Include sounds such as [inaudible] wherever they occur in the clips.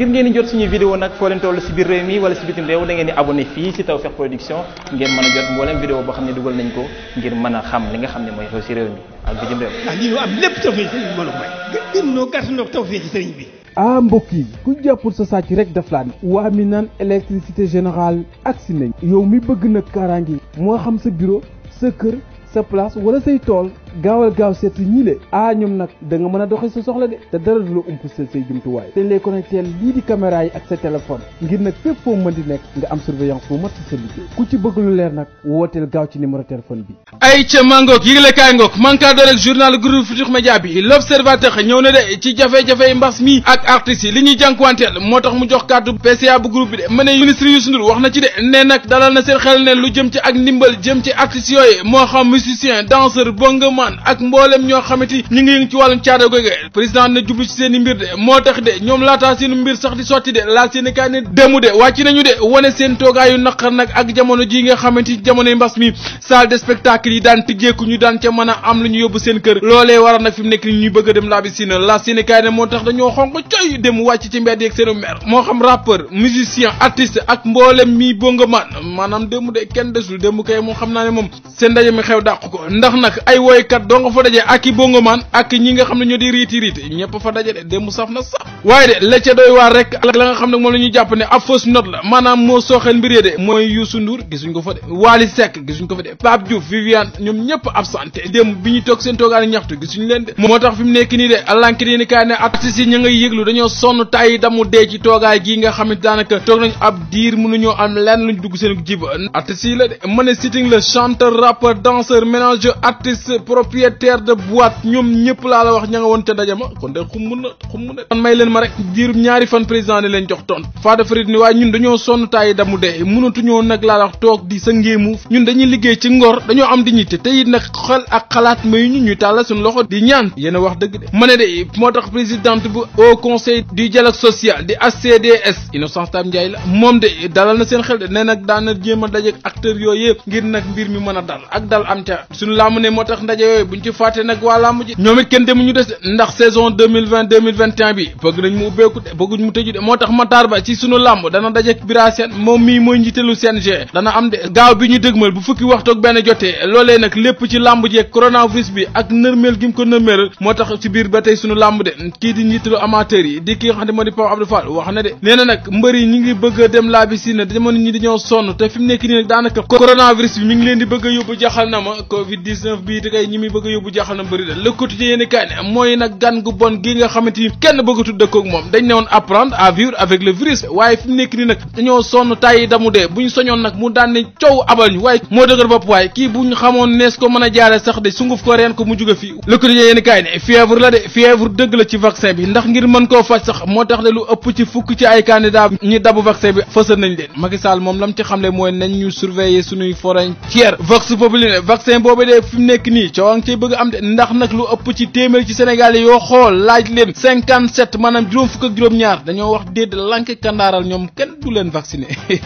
ngir ngeen di jot suñu vidéo nag foo leen toll si biir réew mi wala si bitim réew da ngeen di abonné fii si Tawfekh Production ngeen mën a jot mboolem vidéo boo xam ne dugal nañ ko ngir mën a xam li nga xam ne mooy xew si réew mi ak bitim ah, ah, yi ku jàppul sa sàcc rek daf laa ne. waa mi naan électricité générale agsi nañ. yow mi bëgg nag kaaraange moo xam sa bureau sa kër sa place wala say tool gaawal gaaw seetlu ñii le ah ñoom nag da nga mën a doxee sa soxla de te dara du la umpaseel say jumtuwaay dañ lay connecté lii di caméra yi ak sa téléphone ngir nag fépp foo mën di nekk nga am surveillance bu mat sa liggéey ku ci bëgg leer nag wooteel gaaw ci numéro téléphone bi ay ca mangook yëgle kaay ngook manqua doorek journal groupe Futurs Médias bi l'observateur ñëw na de ci jafe-jafe mbas mi ak artistes yi li ñuy jànkuwanteel moo tax mu jox kàddu PCA bu groupe bi de ma Ousmane ak mboolem ñoo xamante ni ñu ngi yëngu ci wàllum caada googe président na jublu ci seen i mbir de moo tax de ñoom laataa seen mbir sax di sotti de laal seen i de wàcc nañu de wane seen toogaayu naqar nag ak jamono mi salle a am lu a dem laa bi kaay moo tax dañoo xonq coy dem wàcc ci mbedd yeeg seenu mer moo xam rappeur musicien artiste ak mboolem mi bongamaan maanaam demu de kenn desul demu kay moom xam naa ne moom seen ndaje mi xew dàq ko ndax nag ay wooy kat doo nga fa daje ak i bongomaan ak ñi nga xam ne ñoo di riiti riiti ñëpp fa daje de démb saf na saf waaye de la doy waar rek la nga xam ne moo sooxeel mbir yee de mooy Youssou Ndour gisuñ ko fa de Wally Seck gisuñ ko fa de Pape Diouf Viviane ñoom ñëpp absenté démb bi ñu toog seen toogaani ñaxtu gisuñ leen de moo tax fi mu nekk nii de alank ni kaay ne artistes yi ña ngay yëglu dañoo sonn tàyyi damu dee ci toogaay gii nga xam daanaka toog nañ ab diir a sitting propriétaire de boîte ñoom ñëpp laa la wax ña nga woon ca daje ma kon de xumb na xumb na man may leen ma rek diirub ñaari fan président ne leen jox tont Fada Farid ni waaye ñun dañoo sonn taayi damu dee mënatuñoo nag laa la wax toog di sa ngéemuuf ñun dañuy liggéey ci ngor dañoo am dignité te it nag xel ak xalaat may ñu ñuy tàllal suñu loxo di ñaan yéen a wax dëgg de ma ne de moo tax présidente bu au conseil jal ak social di HCDS Innocence Tam Ndiaye la moom de dalal na seen xel de nee nag daana jéem a daje ak yooyu yëpp ngir nag mbir mi mën a dal ak dal yooyu buñ ci fàtte nag waa làmb ji ñoom it kenn demu ñu des ndax saison 2020 2021 bi bëgg nañ mu ubbeeku de bëgguñ mu tëju de moo tax Matar Ba ci sunu làmb dana dajek bira seen moom mii mooy njiitalu CNG dana am de gaaw bi ñu dëgmal bu fukki waxtu ak benn jotee loolee nag lépp ci làmb ji ak coronavirus bi ak nërmeel gi mu ko nërmeelal moo tax ci biir ba tey sunu làmb de kii di njiitalu amateur yi di ki nga di Pape Abdou a dem laa bi si ne jamono ñi dañoo di bëgg a muy bëgg a yóbbu jaaxal na bëri da le quotidien yéen mooy nag gan gu bon gi nga xamante kenn bëggatul dëkkoog moom dañ ne woon apprendre à vivre avec le virus waaye fi nekk nii nag dañoo sonn tàyyi damu dee bu ñu soñoon nag mu daan coow abal ñu waaye moo dëgër bopp kii bu ñu xamoon nees ko mën a jaare sax de sunguf ko reen ko mu jóge fii le quotidien yéen i la de fièvre dëgg la ci vaccin bi ndax ngir mën koo faj sax moo tax de lu ëpp waa ngi cay bëgg am de ndax nag lu ëpp ci téeméer ci Sénégal yoo xool laaj leen cinquante sept maanaam juróom fukk ak juróom-ñaar dañoo wax déed lank kandaaral ñoom kenn du leen vacciné [laughs]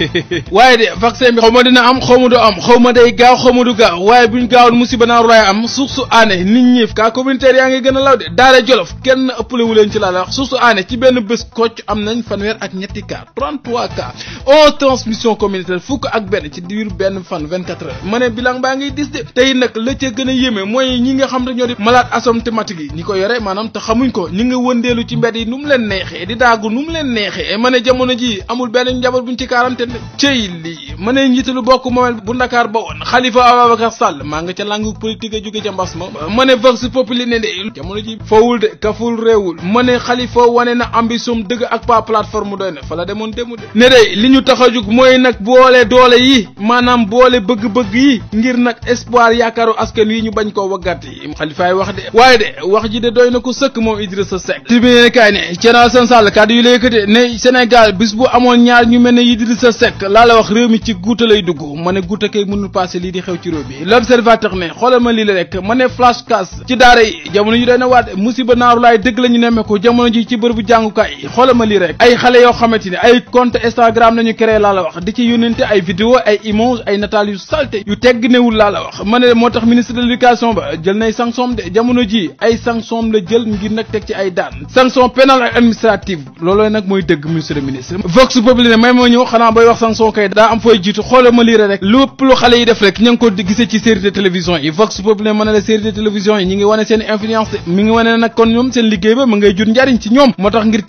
waaye de vaccin bi xaw ma dina am xaw ma du am xaw ma day gaaw xaw ma du gaaw waaye buñ gaawoon musiba naaru laay am suuf su aane nit ñiif kaa communautaire yaa ngi gën a law de daara jolof kenn ëppalewu leen ci laa la wax suuf su aane ci benn bés kocc am nañ fanweer ak ñetti cas 33 cas fukk ak benn ci benn fan 24 heures ma ne bilan a yéeme mooy ñi nga xam rek ñoo di malade asymptomatique yi ñi ko yore maanaam te xamuñ ko ñi nga wëndeelu ci mbedd yi nu mu leen neexee di daagu nu mu leen neexee e ma ne jamono ji amul benn njaboot buñ ci quarantaine cey lii ma ne njiitalu bokk moomeel bu Ndakaar ba woon Xalifa Ababacar Sall maa nga ca langue politique a jóge ca mbas ma ma ne vox populi ne de jamono ji fawul de kaful réewul ma ne Xalifa wane na ambition dëgg ak pas plateforme doy na fa la demoon demu de ne de li ñu tax a jug mooy nag boole doole yi maanaam boole bëgg-bëgg yi ngir nag espoir yaakaaru askan wi ñu bañ koo waggat yi xalifaay wax de waaye de wax ji de doy na ko sëkk moom Idrissa Seck tribune kaay ne Thierno Alassane Sall kàddu la yëkkate ne Sénégal bis bu amoon ñaar ñu mel ne Idrissa Seck laa la wax réew mi ci guuta lay dugg ma ne guuta kay mënul passé lii di xew ci réew bi l'observateur ne xoolal ma lii ma ne flash cas ci daara yi jamono ji doy na waat musiba naaru dëgg la ñu nemmeeku jamono ji ci bërëbu jàngukaay yi xoolal ma ay xale yoo jël nay sanction de jamono ji ay sanction la jël ngir nag teg ci ay daan sanction pénale ak administrative loolooy nag mooy dëgg monsieur ministre vox populi ne may ma ñëw xanaa booy wax sanction kay daa am fooy jiitu xoolal ma liire rek lu xale yi def rek ña ko gisee ci série de télévision yi vox populi ne mën na série de télévision yi ñi ngi wane seen influence mi ngi wane nag kon ñoom seen liggéey ba ma ngay jur njariñ ci ñoom moo tax ngir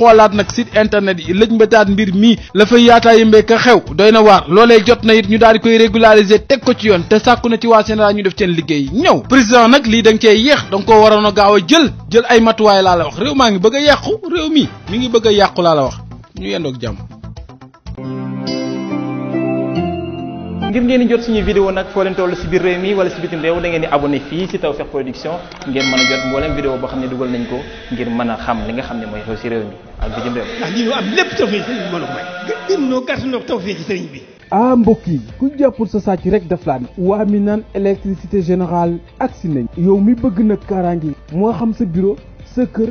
wa lëj mbataat mbir mii la fay yaataayi mbéyka xew doy na waar loolee jot na it ñu daal di koy régulariser teg ko ci yoon te sàkku na ci waa Sénégal ñu def ceen liggéey ñëw président nag lii danga cee yéex da ko koo waroon a gaaw a jël jël ay matuwaay laa la wax réew maa ngi bëgg a yàqu réew mi mi ngi bëgg a yàqu laa la wax ñu yendoog jàmm ngir ngeen di jot suñu vidéo nag foo leen toll si biir réew mi wala si bitim réew da ngeen di abonné fii si Tawfekh Production ngeen mën a jot mboolem vidéo boo xam ne dugal nañ ko ngir mën a xam li nga xam ne mooy xew si réew mi ak bitim réew. ndax lii ñu am lépp tawfeex sëriñ bi mën a may. gën noo gàtt noo tawfeex sëriñ bi. ah mbokk yi ku jàppul sa sàcc rek daf laa ne. waa mi naan électricité ak si nañ. yow mi bëgg nag kaaraange moo xam sa bureau sa kër